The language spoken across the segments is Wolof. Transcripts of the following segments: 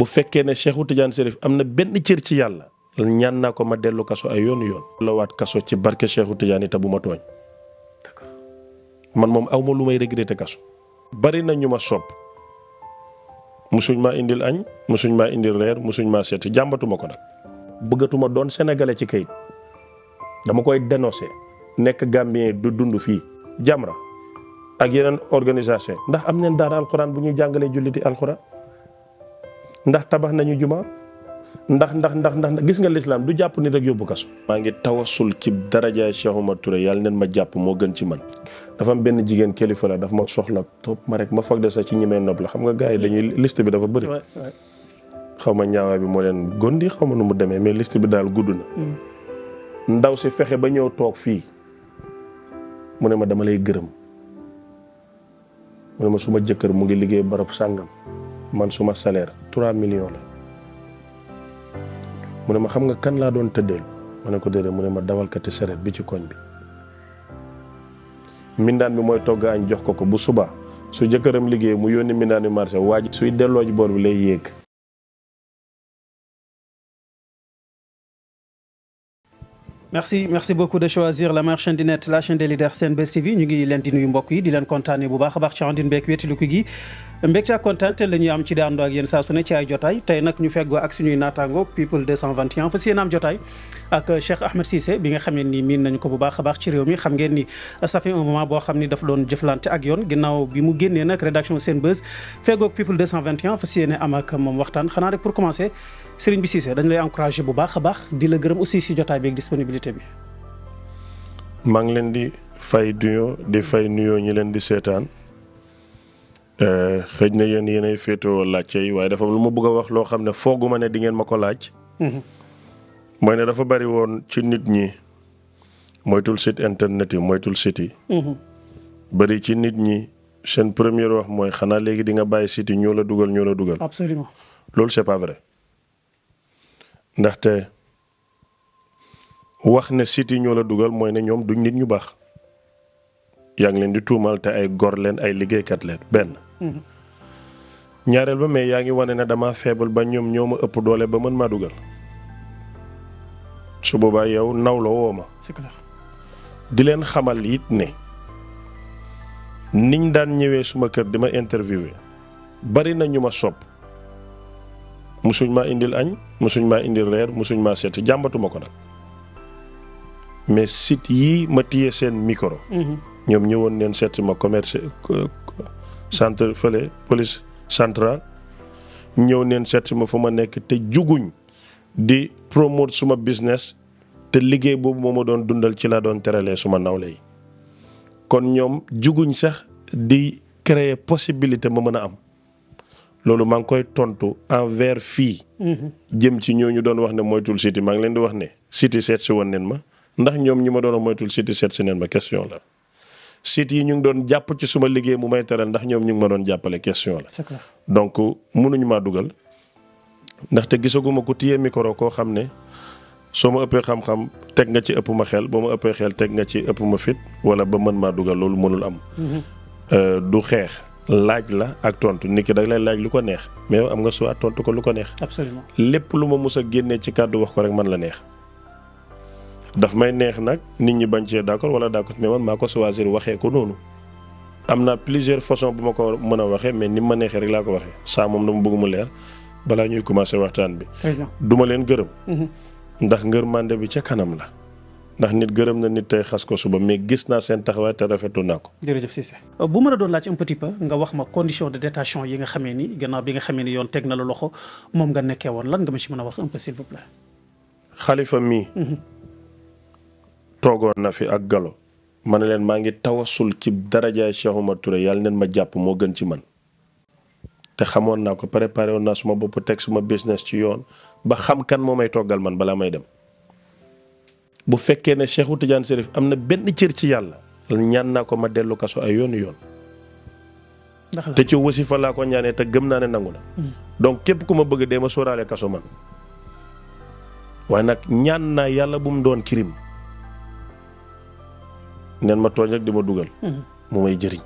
bu fekkee ne Cheikhou Tidiane Chérif am na benn cër ci yàlla ñaan naa ko ma dellu kaso ay yoonu yoon. loowaat waat kaso ci barke Cheikhou Tidiane te bu ma tooñ. d'accord man moom awma lu may regretté kaso. bari na ñu ma sopp musuñ ma indil añ musuñ ma indil reer musuñ maa seet jàmbatuma ko nag. bëggatuma doon sénégalais ci kayit dama koy dénoncé nekk gambien du dund fii. Jamra ak yeneen organisation ndax am neen daara alxuraan bu ñuy jàngalee julliti alxuraan. ndax tabax nañu juma ndax ndax ndax ndax gis nga lislaam du jàpp nit rek yóbbu kasu maa ngi tawasul ci darajaay Cheikh Oumar Touré yàlla neen ma jàpp moo gën ci man dafa am benn jigéen kilifa la dafa ma soxla topp ma rek ma foog de sax ci ñi may nopp la xam nga gars yi dañuy list bi dafa bëri xaw ma ñaawaay bi moo leen gondi xaw ma nu mu demee mais list bi daal gudd na mm. ndaw si fexe ba ñëw toog fii mu ne ma dama lay gërëm mu ne ma suma jëkkër mu ngi liggéey barab sàngam man suma salaire trois millions la mu ne ma xam nga kan laa doon tëddeel ma ne ko déedéet mu ne ma dawalkati sareet bi ci koñ bi mindaan bi mooy togg añ jox ko ko bu suba su jëkkëram liggéey mu yónni mindaan bi marché waa ji suy delloo ji boor bi lay yéeg merci merci beaucoup de choisir la marche di net la chaîne des leaders Senbuzz TV ñu ngi leen di mbokk yi di leen kontaanee bu baax a baax ci andin beeg wétaliku gi mbégte ak kontaante la ñuy am ci daandoo ak yéen saa su ne ci ay jotaay tey nag ñu feggoo ak suñuy naataango people 221 fa siyéen am jotaay ak Cheikh Ahmed Cissé bi nga xam miin nañu ko bu baax a baax ci réew mi xam ngeen ni ça fait un moment boo xam ni dafa doon jëflante ak yoon ginnaaw bi mu génnee nag rédaction Senbuzz feggoog people 221 fa siyéene am xanaa rek pour sëriñ bi Cissé dañ lay encouragé bu baax a baax di la gërëm aussi si jotaay bi ak disponibilité bi. maa ngi leen di fay nuyoo di fay nuyoo ñi leen di seetaan eh, xëj na yéen yéenay féetewoo laajte yi waaye dafa lu ma bëgg a wax loo xam ne fooguma ne di ngeen ma ko laaj. Mhm. mooy ne dafa bari woon ci nit ñi moytul site internet yi moytul site mhm. bari ci nit ñi seen première wax mooy xanaa léegi di nga bàyyi site yi ñoo la dugal ñoo la dugal. absolument loolu c'est pas vrai. ndaxte wax ne siti ñoo la dugal mooy ne ñoom duñ nit ñu baax yaa ngi leen di tuumal te ay gor leen ay liggéeykat leen benn. Mm-hmm. ñaareel ba mais yaa ngi wane ne dama feebal ba ñoom ñoo ma ëpp doole ba mën maa dugal su boobaa yow nawloo woo ma. di leen xamal it ne niñ daan ñëwee suma kër di ma interviewé bari na ñu ma sopp musuñ maa indil añ musuñ maa indil reer musuñ maa seet jàmbatuma ko nag mais site yii ma téye seen micro. Mhm. ñoom ñëwoon neen seet ma commerce centre fële police centrale ñëw neen seet ma fu ma nekk te juguñ di promote suma business te liggéey boobu moo ma doon dundal ci laa doon teralee suma nawle yi kon ñoom juguñ sax di créer possibilité ma mën a am. loolu maa ngi koy tontu envers fii. Mhm. jëm ci ñooñu doon wax ne moytul siti maa ngi leen di wax ne siti seet si woon neen ma ndax ñoom ñi ma doon moytul siti seet si neen ma question la. site yi ñu ngi doon jàpp ci suma liggéey mu may teral ndax ñoom ñu ngi ma doon jàppale question la. donc mënuñu maa dugal ndaxte gisaguma ku téye micro koo xam ne soo ma ëppee xam-xam teg nga ci ëpp ma xel ba ma ëppee xel teg nga ci ëpp ma fit wala ba mën maa dugal loolu mënul am. Mhm. Euh, du xeex laaj la ak tontu nit ki da lay laaj lu ko neex mais am nga soit tontu ko lu ko neex. absolument lépp lu ma mus a génnee ci kàddu wax ko rek man la neex. daf may neex nag nit ñi bañ cee d'accord wala d'accord mais man maa ko choisir waxee ko noonu. am naa plusieurs façons bu ma ko mën a waxee mais ni ma neexee rek laa ko waxee saa moom dama bëgg mu leer balaa ñuy commencer waxtaan bi. duma leen gërëm. Mhm. ndax ngërmande bi ca kanam la. ndax nit gërëm na nit tey xas ko suba mais gis naa seen taxawaay te rafetlu naa ko. jërëjëf Cissé bu mën a doon laaj un petit peu nga wax ma condition de détention yi nga xamee ni gannaaw bi nga xamee ni yoon teg na la loxo moom nga nekkee woon lan nga ma si mën a wax xalifa mii. Mm-hmm. toogoon na fi ak galo ma ne leen maa ngi tawasul ci darajaay Cheikh Oumar Touré yàlla neen ma jàpp moo gën ci man. te xamoon naa ko préparé woon naa suma bopp teg suma business ci yoon ba xam kan moo may toggal man balaa may dem. bu fekkee ne Cheikhou Tidiane Chérif am na benn cër ci yàlla ñaan naa ko ma dellu kaso ay yoonu yoon. te ci wasifa ñaanee te gëm naa ne nangu na. Hmm. donc képp ku ma bëgg dee ma sóoraale kaso man. waaye nag ñaan naa yàlla bu mu doon kirim neen ma tooñ rek di ma dugal. Hmm. mu may jëriñ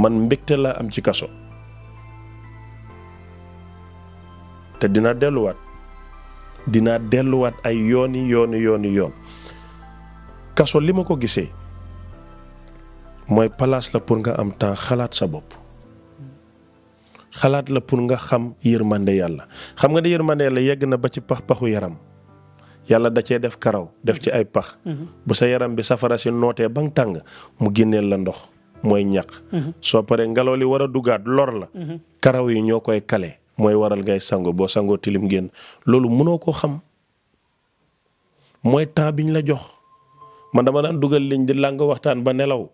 man mbégte laa am ci kaso. te dina delluwaat. dinaa delluwaat ay yooni yooni yooni yoon kaso li ma ko gisee mooy place la pour nga am temps xalaat sa bopp xalaat la pour nga xam yërmande yàlla xam nga ne yërmande yàlla yegg na ba ci pax paxu yaram yàlla da cee def karaw def ci ay pax. Mm-hmm. bu sa yaram bi safara si nootee ba nga tàng mu génneel la ndox mooy ñaq. Mm-hmm. soo paree ngelaw li wara a lor la. Mm-hmm. karaw yi ñoo koy kale. mooy waral ngay sango boo sangoo tilim génn loolu mënoo ko xam mooy temps biñ la jox man dama daan dugal liñ di làng waxtaan ba nelaw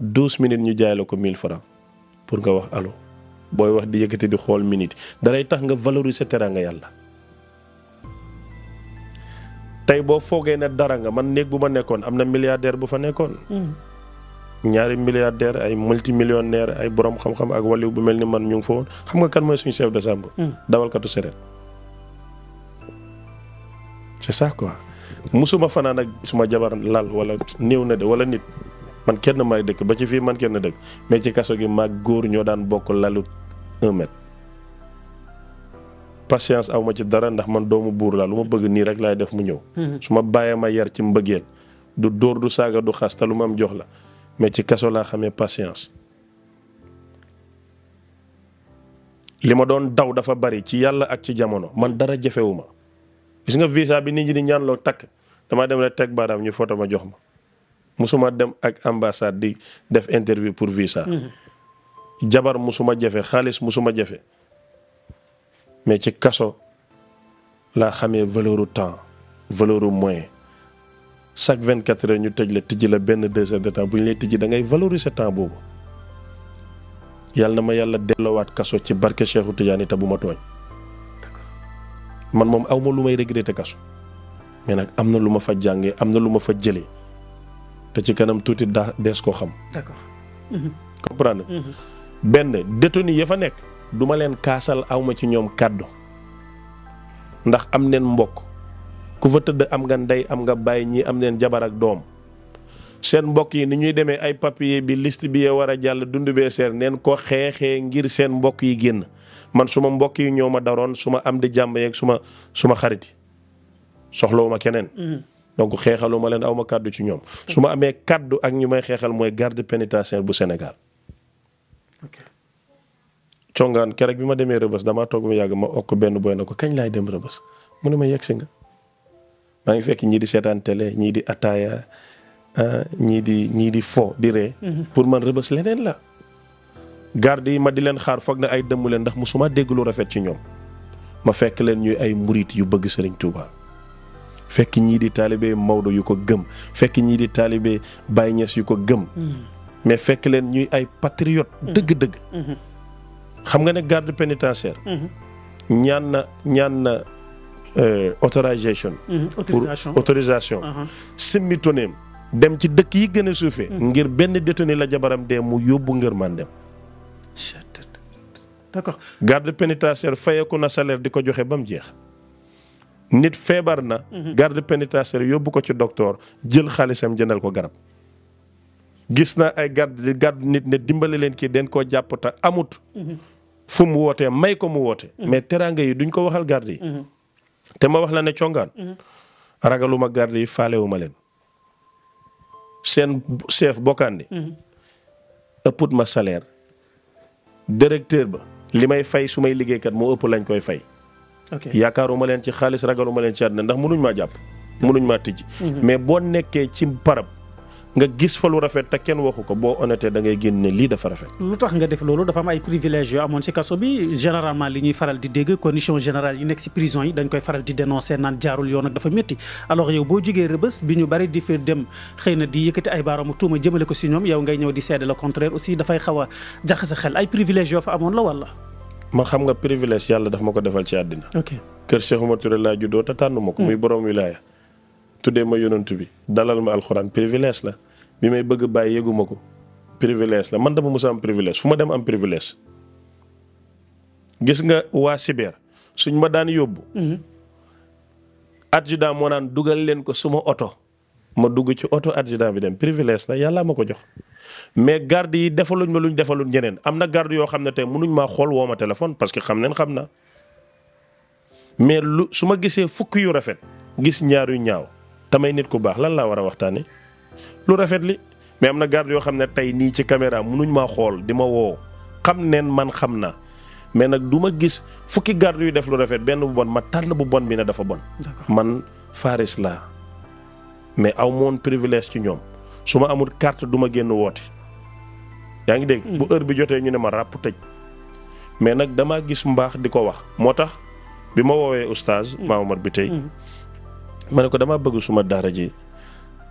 douze minutes ñu jaay la ko mille francs pour nga wax alo booy wax di yëkkati di xool minute daray tax nga valoriser teraanga yàlla. tey boo foogee ne dara nga man néeg bu ma nekkoon am na milliardaire bu fa nekkoon. Hmm. ñaari milliardaire ay multimillionnaire ay boroom xam-xam ak waliw bu mel ni man ñu ngi fa woon xam nga kan mooy suñu chef de chambre. Hmm. dawalkatu seret c'est ça quoi musuma fanaan ak suma jabar lal wala néew na de wala nit man kenn may dëkk ba ci fii man kenn dëkk mais ci kaso gi maag góor ñoo daan bokk lalu un mètre. patience aw ma ci dara ndax man doomu buur laa lu ma bëgg nii rek laay def mu ñëw. Hmm. su ma bàyyee ma yar ci mbëggeel du dóor du saaga du xas te lu ma jox la. mais ci kaso laa xamee patience li ma doon daw dafa bari ci yàlla ak ci jamono man dara jafewu ma gis nga visa bi nit ñi di ñaanloo takk damaa dem rek teg baaraam ñu foto ma jox ma musuma dem ak ambassade di def interview pour visa. Mhm. jabar musuma jafe xaalis musuma jafe mais ci kaso laa xamee valeuru temps valeuru moyen chaque 24 heures ñu tëj la tijji la benn deux heures de temps bu ñu lay tijji da ngay valoriser temps boobu yàlla na ma yàlla delloowaat kaso ci barke Cheikhu Tidiane te bu ma tooñ man moom aw ma lu may regretter kaso mais nag am na lu ma fa jàngee am na lu ma fa jëlee te ci kanam tuuti daa dees ko xam. d'accord. Mhm. comprendre mhm. benn détenu ya fa nekk du ma leen kaasal awma ci ñoom kàddu ndax am neen mbokk ku fa tëdd am nga ndey am nga bàyyi ñii am neen jabar ak doom seen mbokk yi ni ñuy demee ay papier bi list bi ya war a jàll dund bee seer neen ko xeexee ngir seen mbokk yi génn man su ma mbokk yi ñoo ma daroon suma am di jàmm yeeg suma suma xarit yi soxlawuma keneen. Mm-hmm. donc xeexaluma leen aw ma kàddu ci ñoom. su ma amee kàddu ak ñu may xeexal mooy garde pénitentiaire bu Sénégal. ok congaan keroog bi ma demee rëbës damaa toog mu yàgg ma okk benn boy na ko kañ laay dem rëbës mu ne ma yegsi nga. maa ngi fekk ñii di seetaan télé ñii di ataaya ah, ñii di ñii di fo di ree mm-hmm. pour man leneen la garde yi ma di leen xaar foog na ay dëmm leen ndax musuma dégg lu rafet ci ñoom ma fekk leen ñuy ay murit yu bëgg Sëriñ Tuuba fekk ñii di taalibe Maodo yu ko gëm fekk ñii di taalibe Baye Niass yu ko gëm mm-hmm. mais fekk leen ñuy ay patriote mm-hmm. dëgg-dëgg xam nga ne garde pénitentiaire ñaan na ñaan na Euh, mhm, autorisation. autorisation pour uh-huh. autorisation. simmi toneem dem ci dëkk yi gën a suufe mhm. ngir benn détenu la jabaram dee mu yóbbu ngër man dem. d'accord garde pénitentiaire fayeeku na salaire di ko joxe ba mu jeex. nit feebar na. Mhm. garde pénitentiaire yóbbu ko ci docteur jël xaalisam jëndal ko garab. gis na ay garde nit ne dimbale leen kii den koo jàpp te amut. fu mu wootee may ko mu woote. mais teraanga yi duñ ko waxal garde yi. te ma wax la ne congaan mhm. ragaluma garde yi faalewuma leen seen chef bokkaandi mhm. ëpput ma salaire directeur ba li may fay su may liggéeykat moo ëpp lañ koy fay yaakaaruma leen ci xaalis ragaluma leen ci àddina ndax mënuñ maa jàpp mënuñ maa tijj mhm. mais boo nekkee ci parab nga gis fa lu rafet te kenn waxu ko boo honnêté da ngay génn ne lii dafa rafet. lu tax nga def loolu dafa am ay privilèges yoo amoon ci kaso bi généralement li ñuy faral di dégg condition générale yi nekk ci prison yi dañ koy faral di dénoncer naan jaarul yoon ak dafa métti alors yow boo jógee rëbës bi ñu bari di fi dem xëy na di yëkkati ay baaraamu tuuma jëmale ko ci ñoom yow ngay ñëw di seede le contraire aussi dafay xaw a jaxase xel ay privilèges yoo fa amoon la walla. man xam nga privilège daf ma ko defal ci àddina. ok kër Cheikh Oumar Touré laa juddoo te tànn ma ko. Hmm. muy borom wilaya tuddee ma la. bi may bëgg bàyyi yëguma ko privilège la man dama mos am privilège fu ma dem am privilège gis nga waa Sibeer suñ ma daan yóbbu. Mhm. adjudant moo naan dugal leen ko suma oto ma dugg ci oto adjudant bi dem privilège la yàllaa ma ko jox. mais garde yi defaluñ ma lu luñ defaluñ ñeneen am na garde yoo xam ne te mënuñ maa xool woo ma téléphone parce que xam neen xam na mais lu su ma gisee fukk yu rafet gis ñaar yu ñaaw tamay nit ku baax lan laa war a waxtaanee. lu rafet li mais am na garde yoo xam ne tey nii ci caméra mënuñ maa xool di ma woo xam neen man xam na mais nag duma gis fukki garde yu def lu rafet benn bu bon ma tànn bu bon bi ne dafa bon. man faris laa mais aw moon privilège ci ñoom su ma amul carte du ma génn woote. yaa ngi dégg. bu hmm. heure bi jotee ñu ne ma ràpp tëj. mais nag damaa gis mbaax di ko wax moo tax bi ma woowee oustaz. Hmm. Maamar bi tey. Hmm. ma ne ko damaa bëgg suma daara ji.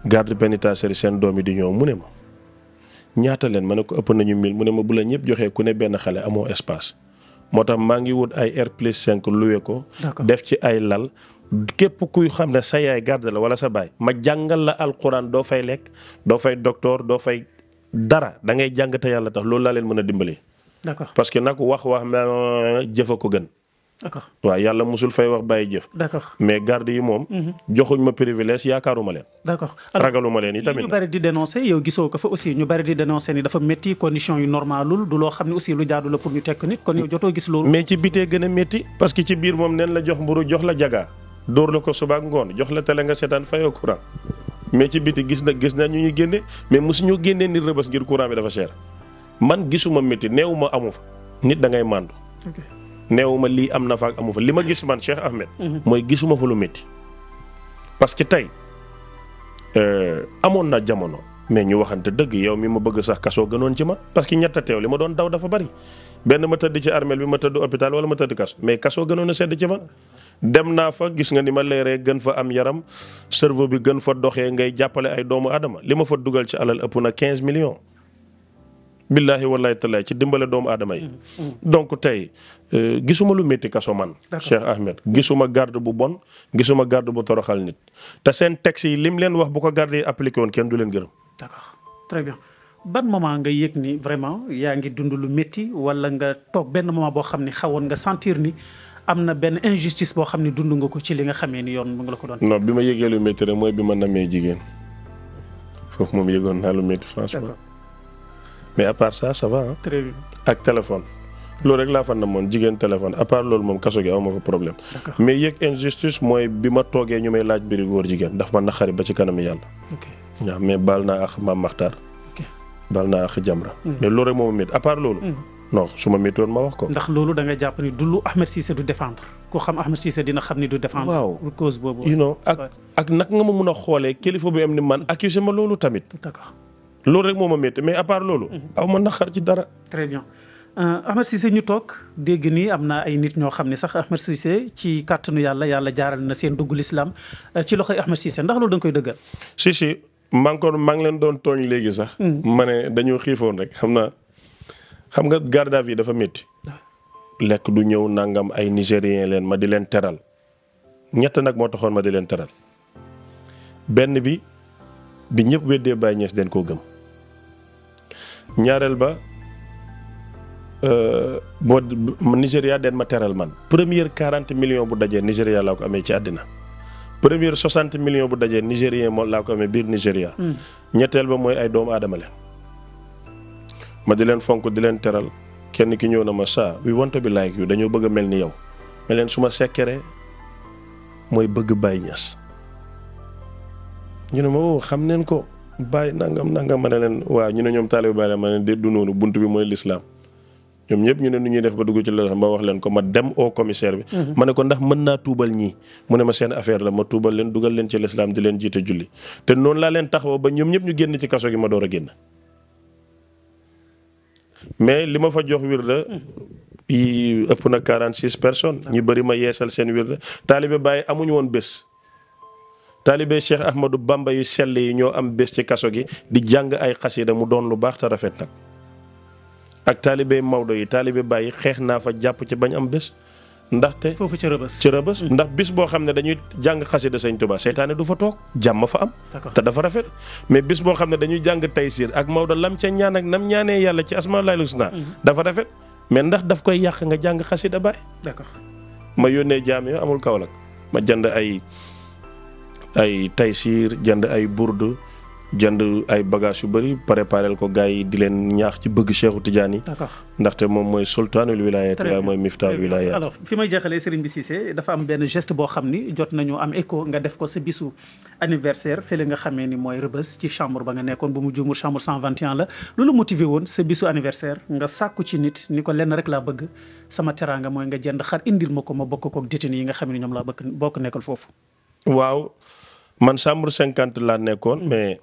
garde pénitentiaire seen doom yi di ñëw mu ne ma ñaata leen ma ne ko ëpp nañu mil mu ne ma bu la ñëpp joxee ku ne benn xale amoo espace moo tax maa ngi wut ay R plus 5 loué ko. def ci ay lal. képp kuy xam ne sa yaay garde la wala sa baay ma jàngal la alxuraan doo fay lekk doo fay docteur doo fay dara da ngay jàng te yàlla tax loolu laa leen mën a dimbali. d'accord parce que nag wax wax ma jëfa ko gën. d'accord waaw yàlla mosul fay wax bàyyi jëf. d'accord mais garde yi moom. Mhm. joxuñ ma privilège yaakaaruma leen. d'accord ragaluma leen itamit. ñu bari di dénoncer yow gisoo ko fa aussi ñu bari di dénoncer ni dafa métti condition yu normalul du loo xam ne aussi lu jaadu la pour ñu tekk nit kon yow jotoo gis loolu. mais ci bitee gën a métti. parce que ci biir moom neen la jox mburu jox la jaga dóor la ko subaak ngoon jox la télé nga seetaan fayoo courant mais ci biti gis na gis na ñu ñu génne mais mosu ñu génnee nit rëbës ngir courant bi dafa cher man gisuma métti néew ma amu fa nit da ngay màndu neewuma lii am na fa amu fa li ma gis man Cheikh Ahmed. mooy gisuma fa lu métti. parce que tey euh, amoon na jamono mais ñu waxante dëgg yow mi ma bëgg sax kasoo gënoon ci ma parce que ñett teew li ma doon daw dafa bari benn ma tëdd ci armeel bi ma tëdd hôpital wala ma tëdd kaso mais kasoo gënoon a sedd ci man. dem naa fa gis nga ni ma leeree gën fa am yaram cerveau bi gën fa doxee ngay jàppale ay doomu aadama li ma fa dugal ci alal ëpp na 15 million billaahi wallaahi talaay ci dimbale doomu aadama yi. donc tey euh, gisuma lu métti kaso man. Cheikh Ahmed gisuma garde bu bon gisuma garde bu toroxal nit. te seen texte yi lim leen wax bu ko garde yi woon kenn du leen gërëm. d'accord très bien ban moment nga yëg ni vraiment yaa ngi dund lu métti wala nga toog benn moment boo xam ni xawoon nga sentir ni. am na benn injustice boo xam ne dundu nga ko ci li nga xamee ni yoon mu ngi la ko doon. non bi ma yëgee lu métti rek mooy bi ma namee jigéen foofu moom yëgoon naa lu métti franchement. mais à part ça ça va ah. très ak téléphone. loolu rek laa fan na moon jigéen téléphone à part loolu moom kaso gi aw ma problème. mais yëg injustice mooy bi ma toogee ñu may laaj biri góor jigéen ndax ma naqari ba ci kanam yàlla. ok waaw mais baal naa ak maam Maxtaar. ok baal naa ak Jamra. Hmm. mais loolu rek moo ma métti à loolu. Hmm. non su ma méttoon ma wax ko. ndax loolu da nga jàpp ni du lu Ahmed Cissé du défendre ku xam Ahmed Cissé dina xam ni du défendre. waaw boobu. you know ak ak nga ma mun a xoolee kilifa bi am ni man accusé ma loolu tamit. loolu rek moo ma métti mais à loolu. Mhm. aw ma naqar ci dara. très bien euh, Ahmed Cissé ñu toog dégg nii am na ay nit ñoo xam ne sax Ahmed Cissé ci kàttanu yàlla yàlla jaaral na seen dugg lislaam euh, ci loxo yi Cissé ndax loolu da nga koy dëggal. si si maa ngi ko leen doon tooñ léegi sax. Hmm. ma ne dañoo xiifoon rek xam naa xam nga garde à dafa metti lekk du ñëw nangam ay nigérien leen ma di leen teral ñett nag moo taxoon ma di leen teral benn bi bi ñëpp weddee Baye Niass den koo gëm. ñaareel ba euh, boo Nigéria den ma teral man première 40 millions bu dajee Nigéria laa ko amee ci àddina première 60 million bu dajee Nigérien moo laa ko amee biir Nigéria. Mm. ñetteel ba mooy ay doomu aadama leen ma di leen fonk di leen teral kenn ki ñëw na ma saa we want to be like you dañoo bëgg mel ni yow ma su ma sekkeree mooy bëgg Baye Niass ñu ne ma woo oh, xam neen ko. bàyyi nangam nangam ma ne leen waaw ñu ne ñoom taalibe bàyyi la ma ne du noonu bunt bi mooy lislaam ñoom ñëpp ñu ne nu ñuy def ba dugg ci loolu ba wax leen ko ma dem au commissaire bi. Mhm. ma ne ko ndax mën naa tuubal ñii mu ne ma seen affaire la ma tuubal leen dugal leen ci lislaam di leen jiite julli te noonu laa leen taxawoo ba ñoom ñëpp ñu génn ci kaso gi ma door a génn. mais li ma fa jox wirda yi ëpp na 46 personnes. ñu bëri ma yeesal seen wirda taalibe bàyyi amuñu woon bés. taalibe Cheikh Ahmadou Bamba yu sell yi ñoo am bés ci kaso gi di jàng ay xasida mu doon lu baax te rafet nag ak taalibe Maodo yi taalibe bàyyi xeex naa fa jàpp ci bañ am bés. ndaxte foofu ci rëbës ci rëbës ndax bés boo xam ne dañuy jàng xasida sëñ Tuubaa seytaane du fa toog jàmm fa am te dafa rafet mais bés boo xam ne dañuy jàng Taysiir ak Maodo lam ca ñaan ak nam ñaanee yàlla ci asmaul husna mhm. dafa rafet mais ndax daf koy yàq nga jàng xasida Baye d'accord ma yónnee jaam yoo amul Kaolack ma jënd ay ay taysiir jënd ay burdu jënd ay bagage yu bëri préparel ko gars yi di leen ñaax ci bëgg Cheikhu Tidiane yi ndaxte moom mooy sultaanul wilayat waaye mooy miftaahul wilayat alors fi may jeexalee Serigne bi Cissé dafa am benn geste boo xam ni jot nañu am écho nga def ko sa bisu anniversaire fële nga xamee ni mooy rëbës ci chambre ba nga nekkoon ba mu juumul chambre 121 la loolu motivé woon sa bisu anniversaire nga sàkku ci nit ni ko lenn rek laa bëgg sama teraanga mooy nga jënd xar indil ma ko ma bokk kook détenu yi nga xam ne ñoom laa bëgg bokk nekkal foofu waaw man chambre 50 laa nekkoon hmm. mais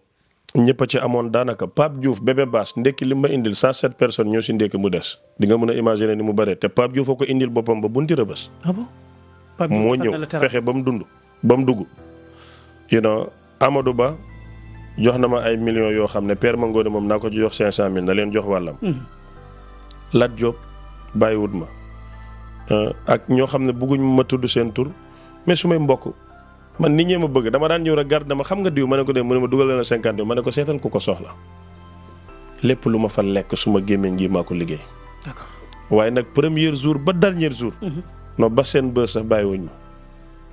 ñëpp a ci amoon daanaka Pape Diouf bébé baas ndekki li ma indil 107 personnes ñoo si ndekki mu des dinga mën a imaginer ni mu bare te Pape Diouf a ko indil boppam ba bunti rëbës. ah bon Pape Diouf moo ñëw fexe ba mu dund ba mu dugg. you know Ba jox na ma ay millions yoo xam ne Père Mangone moom naa ko ci jox 500000 na leen jox wàllam. Hmm. Lat Diop bàyyiwut ma. Euh, ak ñoo xam ne bëgguñ ma tudd seen tur mais su may mbokk. man nit ñee ma bëgg dama daan ñëw rek garde dama xam nga diw ma ne ko dee mu ne ma dugal na cinquante bi ma ne ko seetal ku ko soxla lépp lu ma fa lekk su ma gémmiñ gi maa ko liggéey. waaye nag premier jour ba dernier jour. Mhm. no ba seen bës sax bàyyiwuñ ma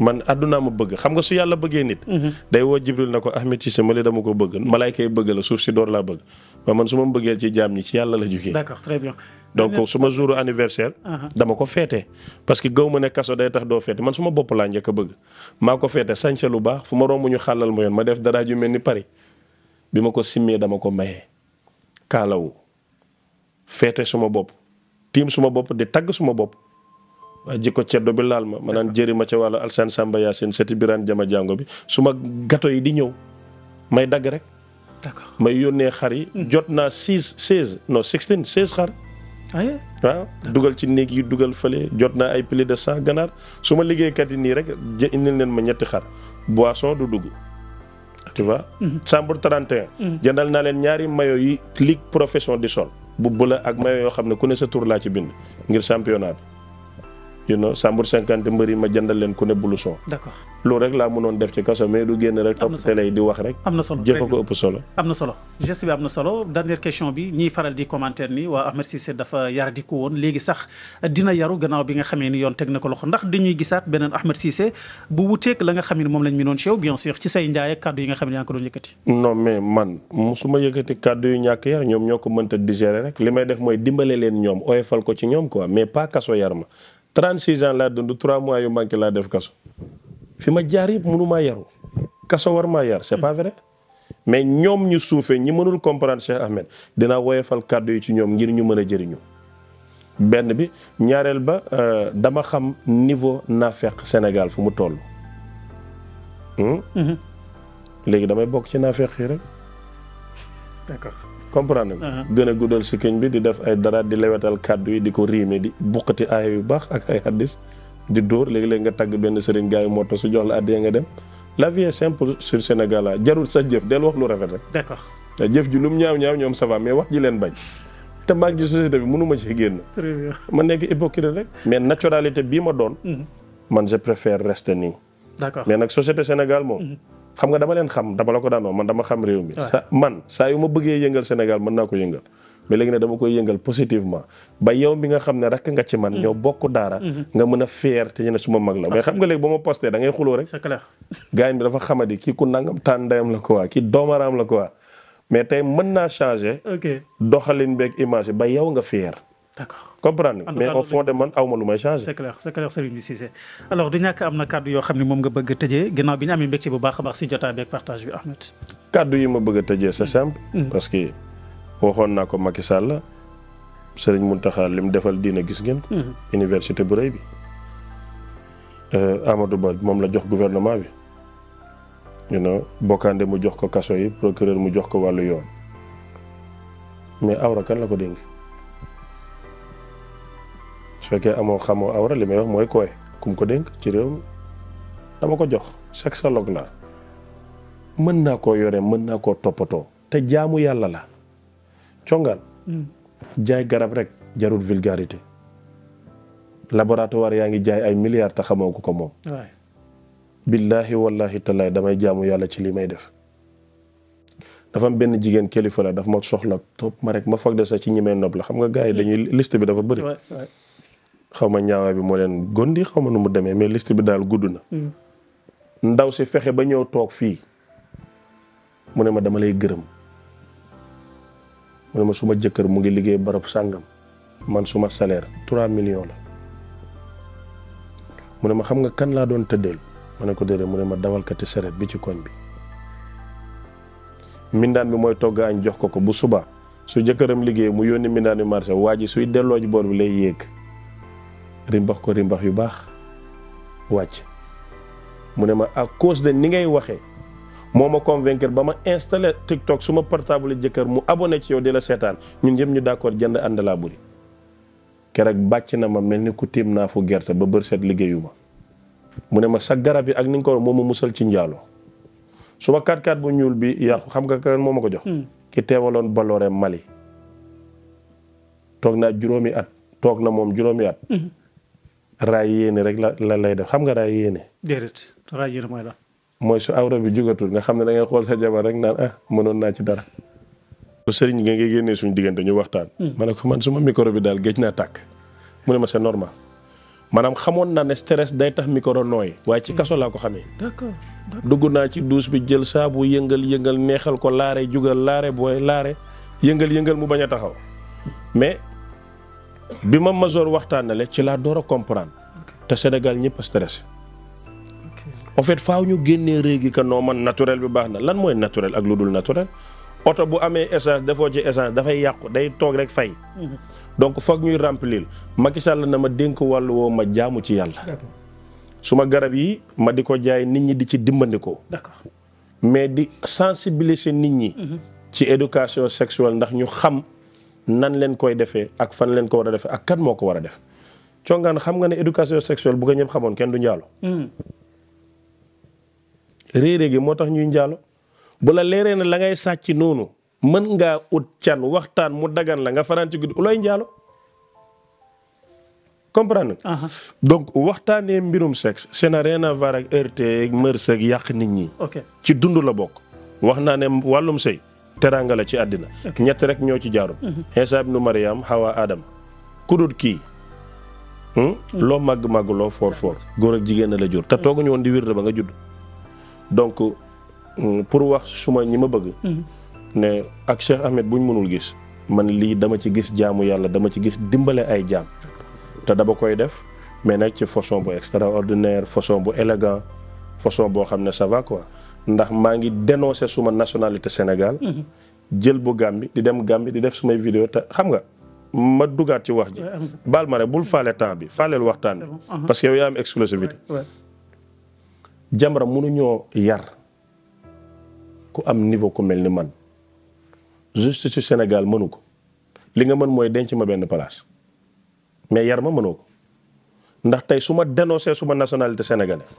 man àddunaa ma bëgg xam nga su yàlla bëggee nit. Mhm. day woo Jibril na ko Ahmed Cissé ma li dama ko bëgg malaayka yi bëgg la suuf si door laa bëgg man su ma bëggeel ci jaam ñi ci yàlla la jugee. d'accord donc su ma jour anniversaire. Uh-huh. dama ko feete parce que gaw ma ne kaso day tax doo feete man su bopp laa njëkk bëgg maa ko feete sañse lu baax fu ma romb ñu xàllal ma yoon ma def dara ju mel ni Paris bi ma ko simmee dama ko maye kaalawu feete suma bopp tiim suma bopp di tagg suma bopp waa jikko ceddo bi laal ma ma naan jëri ma ca wàllu alsan samba yaasin seti biraan jama jàngo bi su ma gato yi di ñëw may dagg rek may yónnee xar yi hmm. jot naa six seize non sixteen seize xar ah waaw dugal ci néeg yi dugal fële jot naa ay plus de cent ganaar su ma liggéeykat yi nii rek indil leen ma ñetti xar boisson du dugg tu vois hmm. chambre 31 hmm. naa leen ñaari mayo yi ligue profession di sol bu bula ak mayo yoo xam ne ku ne sa tur laa ci bind ngir championnat you know sàmbur cinquante mbër yi ma jëndal leen ku ne blouson. d'accord loolu rek laa mënoon def ci kaso mais du génn rek. topp télé yi di wax rek. jëfa ko ëpp solo. am na solo geste bi am na solo dernière question bi ñiy faral di commentaire ni waa dafa yar di ko woon léegi sax dina yaru gannaaw bi nga xamee ni yoon teg na loxo ndax dañuy gisaat beneen Ahmed Cissé bu wuteeg la nga xam ne moom lañ mënoon chew bien sûr ci say njaay ak kàddu yi nga xam yaa ngi ko doon yëkkati. non mais man musuma yëkkati kàddu yu ñàkk yar ñoom ñoo ko mënta digérer rek li may def mooy dimbale leen ñoom oyofal ko ci ñoom quoi mais pas kaso yar 36 ans laa dund 3 mois yu manqué laa def kaso fi ma jaar yëpp mënu maa yaru kaso war maa yar c'est pas vrai mais ñoom ñu suufee ñi mënul comprendre Cheikh Ahmed dinaa woyofal kàddu yi ci ñoom ngir ñu mën a jëriñu. benn bi ñaareel ba euh, dama xam niveau naafeq Sénégal fu mu toll. Hmm? Mhm. léegi damay bokk ci naafeq yi rek comprendre nga. Uh-huh. gën a guddal sikkiñ bi di def ay dara di lewetal kàddu yi di ko riime di buqati aaya yu baax ak ay hadis di dóor léegi-léegi nga tagg benn sëriñ gars yi moto su jox la addiya nga dem la vie est simple sur Sénégal ah. jarul sa jëf del wax lu rafet rek. d'accord ah, jëf ji lu mu ñaaw ñaaw ñoom ça mais wax ji leen bañ. te maa ngi ci société bi mënuma ci génn. ma nekk hypocrite rek. mais naturalité bii ma doon. Mm-hmm. man je préfère rester nii. d'accord mais nag société Sénégal moom. Mm-hmm. xam nga dama leen xam dama la ko daanoo man dama xam réew mi. sa man saa yu ma bëggee yëngal Sénégal mën naa ko yëngal. mais léegi ne dama koy yëngal positivement ba yow mi nga xam ne rakk nga ci man. ñoo mm-hmm. bokk daara. Mm-hmm. nga mën a fier te ñu ne ma mag la. mais xam nga léegi ba ma posté da ngay xuloo rek. c'est clair gaañ bi dafa xamadi kii ku nangam tàndayam la ko waa kii doomaraam la ko waa mais tey mën naa changé. doxalin beeg image ba yow nga fier d'accord comprendre mais au man aw ma lu may changé. c'est clair c'est clair Serigne Cissé alors du ñàkk am na kàddu yoo xam ne moom nga bëgg a tëjee ginnaaw bi ñu amee mbégte bu baax a baax si jotaay beeg partage bi Ahmed. kàddu yi ma bëgg a tëjee sa simple. Mm. parce que waxoon naa ko Macky Sall Serigne Mountakha li mu defal diina gis ngeen ko. Mm. université bu rëy bi. Euh, Amadou Ba moom la jox guvernement bi. you know bokkaande mu jox ko kaso yi procureur mu jox ko wàllu yoon mais awra la ko dénk. fekkee amoo xamoo awra li may wax mooy kooy kum ko dénk ci réew mi dama ko jox sexologue la mën naa koo yore mën naa koo toppatoo te jaamu yàlla la congaan hmm. jaay garab rek jarul vulgarité laboratoire yaa ngi ay milliards te ko ko moom billaahi wallahi tallaay damay jaamu yàlla ci li may def dafa am benn jigéen kilifa la daf ma soxla topp ma rek ma foog de sax ci ñi may nopp la xam nga gars yi dañuy liste bi dafa bëri xaw ma ñaawaay bi moo leen gondi xaw ma nu mu demee mais liste bi daal gudd na. Hmm. ndaw si fexe ba ñëw toog fii mu ne ma dama lay gërëm mu ne ma suma jëkkër mu ngi liggéey barab sàngam man suma salaire trois millions la mu ne ma xam nga kan laa doon tëddeel ma ne ko déedéet mu ne ma dawalkati saret bi ci koñ bi mindaan bi mooy togg añ jox ko ko bu subaa su jëkkëram liggéey mu yónni mindaan bi marché waa ji suy delloo ji boor bi lay yéeg rimbax ko rimbax yu baax wàcc mu ne ma à cause de ni ngay waxee moo ma convaincre ba ma installé TikTok su ma portable jëkkër mu abonné ci yow di la seetaan ñu ñëpp ñu d'accord jënd ànd laa buri bàcc na ma mel ni ku tiim naa fu gerte ba bër seet liggéeyu mu ne ma sa garab yi ak ni nga ko moo ma musal ci njaalo su ma 4 x bu ñuul bi yàqu xam nga kan moo ma ko jox. Hmm. ki teewaloon Baloré Mali toog naa juróomi at toog na moom juróomi at. Hmm. raay yéene rek la la lay def xam nga raay yéene. déedéet raay yéene mooy la. mooy su awra bi jugatul nga xam ne da ngay xool sa jabar rek naan ah mënoon naa ci dara. sëriñ gi nga génnee suñu diggante ñu waxtaan. Hmm. ma ne ko man suma micro bi daal géej naa tàkk mu ne ma c'est normal maanaam xamoon naa ne stress day tax mikoro nooy waaye ci kaso laa ko xamee. d'accord dugg naa ci douche bi jël saabu yëngal yëngal neexal ko laare jugal laare booy laare yëngal yëngal mu bañ a taxaw bi ma major waxtaanale ci laa door a comprendre te Sénégal ñëpp stressé en fait faaw ñu génnee réegi que noo man naturel bi baax na lan mooy naturel ak lu dul naturel oto bu amee essence defoo ci essence dafay yàqu day toog rek fay. Mhm. donc foog ñuy remplir Macky Sall na ma dénk wàll woo ma jaamu ci yàlla. suma garab yi ma di ko jaay nit ñi di ci dimbandikoo. d'accord mais di sensibiliser nit ñi. Mhm. ci éducation sexuelle ndax ñu xam. nan leen koy defee ak fan leen ko war a defee ak kan moo ko war a def congaan xam nga ne éducation sexuelle bu ko ñëpp xamoon kenn du njaalo hmm. réere gi moo tax ñuy njaalo bu la leeree ne la ngay sàcc noonu mën nga ut can waxtaan mu dagan la nga fanaan ci guddi ulay njaalo comprendre nga donc waxtaanee mbirum sexe c'est na rien à ak heurté ak yàq nit ñi ci dund la bokk wax naa ne wàllum sëy teraanga la ci àddina ñett rek ñoo ci jaarul Iisaa mhm. ibnu Mariam Hawa Adam ku dul kii hmm? mhm. loo màgg-màgg loo foor foor góor ak jigéen la jur te mhm. tooguñu woon di wirde ba nga judd donc hmm, pour wax suma ñi ma bëgg ne ak Cheikh Ahmed buñ mënul gis man lii dama ci gis jaamu yàlla dama ci gis dimbale ay jaam te dama koy def mais nag ci façon bu extraordinaire façon bu élégant façon boo xam ne ça ndax maa ngi dénoncé suma nationalité Sénégal. Mhm. jël bu Gàmbi di dem Gàmbi di def sumay vidéo te xam nga ma dugaat ci wax ji. baal ma rek bul faale temps bi faaleel waxtaan bi. Uh-huh. parce que yow yaa am exclusivité. mënu mënuñoo yar ku am niveau ku mel ni man juste ci Sénégal mënu ko li nga mën mooy denc ma benn place mais yar ma mënoo ko ndax tey su ma dénoncé suma nationalité sénégalaise.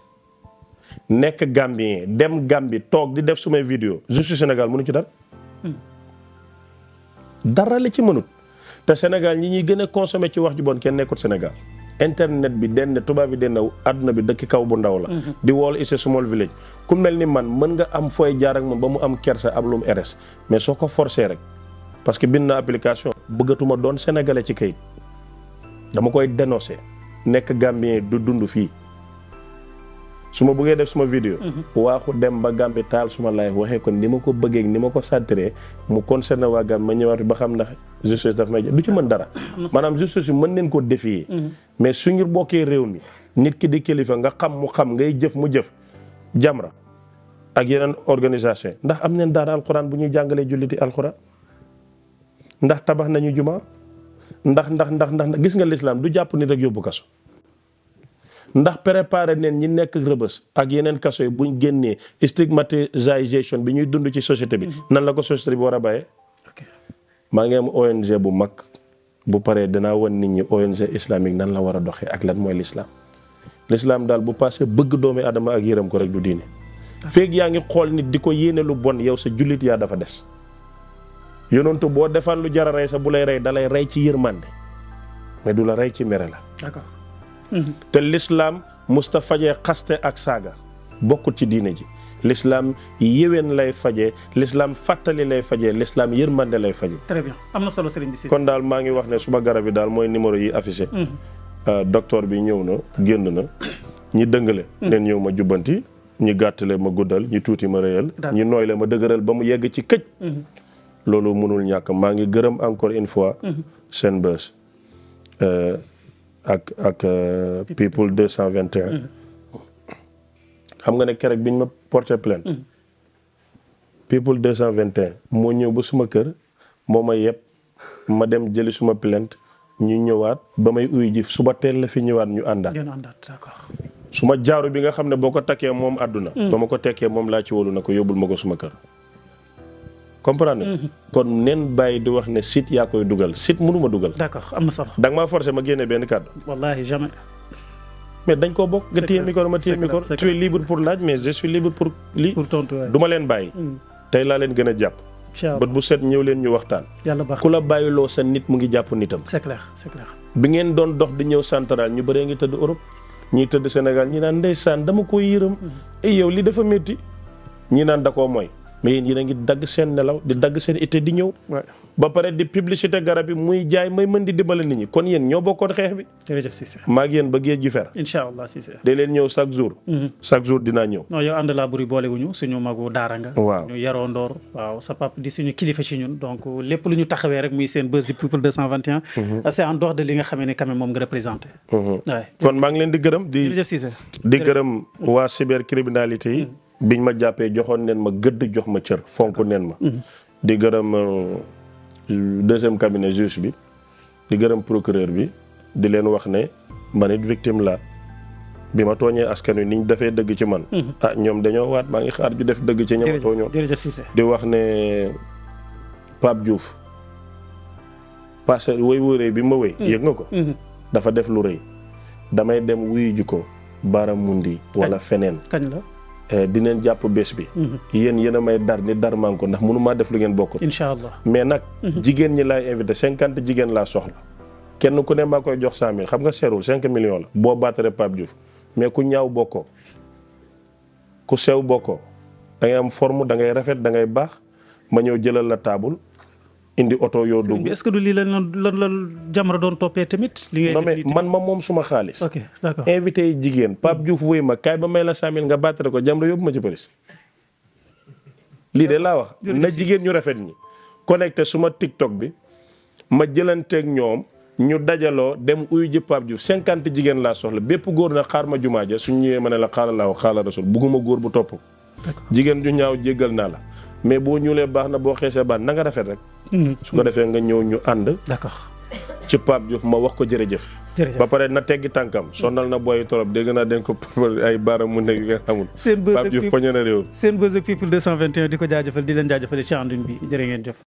nekk Gambien dem Gambie toog di def sumay vidéo je suis Sénégal mënu ci dara. dara la ci mënut. te Sénégal ñi ñuy gën a consommé ci wax ju bon kenn nekkut Sénégal. internet bi denn tubaab bi denn àdduna bi dëkk kaw bu ndaw la. Mhm. di wool is a small village. ku mel ni man mën nga am fooy jaar ak moom ba mu am kersa am lu mu eres mais soo ko forcé rek parce que bind na application. bëggatuma doon sénégalais ci kayit dama koy dénoncé nekk Gambien du dund fii. su ma buggee def suma vidéo mhm. waaxu dem ba Gambie taal suma live waxee kon ni ma ko bëggee ni ma ko sattiree mu concerné waa Gambie ma ñëwaat ba xam ndax justice daf may du ci mën dara maanaam justice yi mën neen koo défier mhm. mais su ngir bokkee réew mi nit ki di kilifa nga xam mu xam ngay jëf mu jëf Jamra ak yeneen organisation ndax am neen daara alxuraan bu ñuy jàngalee julliti alxuraan ndax tabax nañu jumaa ndax ndax ndax ndax gis nga lislaam du jàpp nit ak yóbbu kaso ndax préparé neen ñi nekk rëbës ak yeneen kaso yi buñ génnee stigmatisation bi ñuy dund ci société bi. Mhm. nan la ko société bi war a bàyyee. maa ngi am ONG bu mag bu paree dana wan nit ñi ONG islamique nan la war a doxee ak lan mooy l'islam l'islam daal bu passé bëgg doomi adama ak yërëm ko rek du diine. feeg yaa ngi xool nit di ko yéene lu bon yow sa jullit yaa dafa des. yonentu boo defaan lu jar a rey sax bu lay rey dalay rey ci yërmande mais du la rey ci mere la. te lislaam musta fajee xaste ak saaga bokkul ci diine ji lislaam yéwén lay fajee lislaam fàttali lay fajee lislaam yërmande lay fajee. très bien am na solo sëriñ bi kon daal maa ngi wax ne suma garab yi daal mooy numéro yi affiché. Mhm. Euh, docteur bi ñëw na génn na ñi dëngale. Mhm. neen ñëw ma jubbanti ñi gàttale ma guddal ñi tuuti ma réyal. ñi nooyle ma dëgëral ba mu yegg ci këj. Mhm. loolu mënul ñàkk maa ngi gërëm encore une fois. seen euh, bés. ak ak euh, people 221. xam nga ne keroog biñ ma porté plainte. Mm. people 221 moo ñëw ba suma kër moo ma yëpp ma dem jëli suma plainte ñu ñëwaat ba may uyu ji suba teel la fi ñëwaat ñu àndaat. suma jaaru bi nga xam ne boo ko takkee moom àdduna. Mm. ba ma ko tekkee moom laa ci wóolu na ko yóbbul ma ko suma kër. comprendre nga. Mhm. kon neen bàyyi di wax ne sit yaa koy dugal site mënuma dugal. d'accord am na solo. da nga maa ma génne benn kàddu. wallaahi jamais. mais dañ koo bokk nga téye micro ma téye micro. tu es libre pour laaj mais je suis libre pour lii. pour tontu waay leen bàyyi. Mm. tey laa leen gën a jàpp. bët bu set ñëw leen ñu waxtaan. yàlla baax ku la bàyyiloo sa nit mu ngi jàpp nitam. c'est clair bi ngeen doon dox di ñëw central ñu bëree ngi tëdd Europe ñii tëdd Sénégal ñi naan ndeysaan dama koy yërëm. Mm. et eh, yow li dafa métti ñi naan da koo mooy mais yéen yéen a dagg seen nelaw di dagg seen été di ñëw. ba pare di publicité garab yi muy jaay may mën di dimbale nit ñi kon yéen ñoo bokkoon xeex bi. jërëjëf Cissé. maa ngi yéen ba géej gi fer. incha allah Cissé. leen ñëw chaque jour. Mm-hmm. chaque jour dinaa ñëw. non yow ànd laa buri boole wu ñu suñu magu daara nga. waaw ñu yaroo ndoor. waaw sa pap di suñu kilifa ci ñun donc lépp lu ñu taxawee rek muy seen buzz du People 221. Mm-hmm. c'est en dehors de li nga xamee ne quand même moom nga représenté. Mm-hmm. kon maa ngi leen di gërëm di. jërëjëf Cissé. di gërëm waa cybercriminalité yi biñ ma jàppee joxoon neen ma gëdd jox ma cër fonk neen ma mhm. di gërëm euh, deuxième cabinet juge bi di gërëm procureur bi di leen wax ne man it victime la bi ma tooñee askan wi niñ defee dëgg ci man mhm. ah ñoom dañoo waat maa ngi xaar ju def dëgg ci ña ma tooñoon di wax ne Pape Diouf parce que wéy wu rëy bi ma wéy mhm. yëg nga ko dafa def lu rëy damay dem wuyu ji ko baaramundi wala feneen kañ la Eh, dineen jàpp bés bi mhm. yéen yéen a may dar ni dar ko ndax mënu def lu ngeen bokk incha mais nag mhm. jigéen ñi laay invité cinquante jigéen laa soxla kenn ku ne maa koy jox cent mille xam nga seerul cinq millions la boo baatare Pape Diouf mais ku ñaaw bokkoo ku sew bokkoo da ngay am forme da ngay rafet da ngay baax ma ñëw jëlal la taabul indi oto yoo dugg. est-ce que du lii lan la lan doon toppee tamit. li ngay non mais man ma moom suma xaalis. ok invité yi jigéen Pape mm. Diouf wuy ma kaay ba may la 100000 nga baatare ko Jamra yóbbu ma ci police. lii de laa wax na jigéen ñu rafet ñi. connecté suma TikTok bi ma jëlanteek ñoom ñu dajaloo dem uyu ji Pape Diouf 50 jigéen laa soxla bépp góor na xaar ma jumaa ja su ñëwee ma ne la xaaral laaw xaaral rasul bugguma góor bu topp. jigéen ñu ñaaw jéggal naa la mais boo ñuulee baax na boo xeesee baax na nga rafet rek. Hmm. su ko defee nga ñëw ñu ànd. d'accord ci Pape Diouf ma wax ko jërëjëf. ba pare na teggi tànkam sonal na booy torop dégg naa dañ ko ay baaraam mu nekk yu nga xamul. seen buzz ak na réew. seen buzz ak people 221 di ko jaajëfal di leen jaajëfal ci àndun bi jërë ngeen jëf.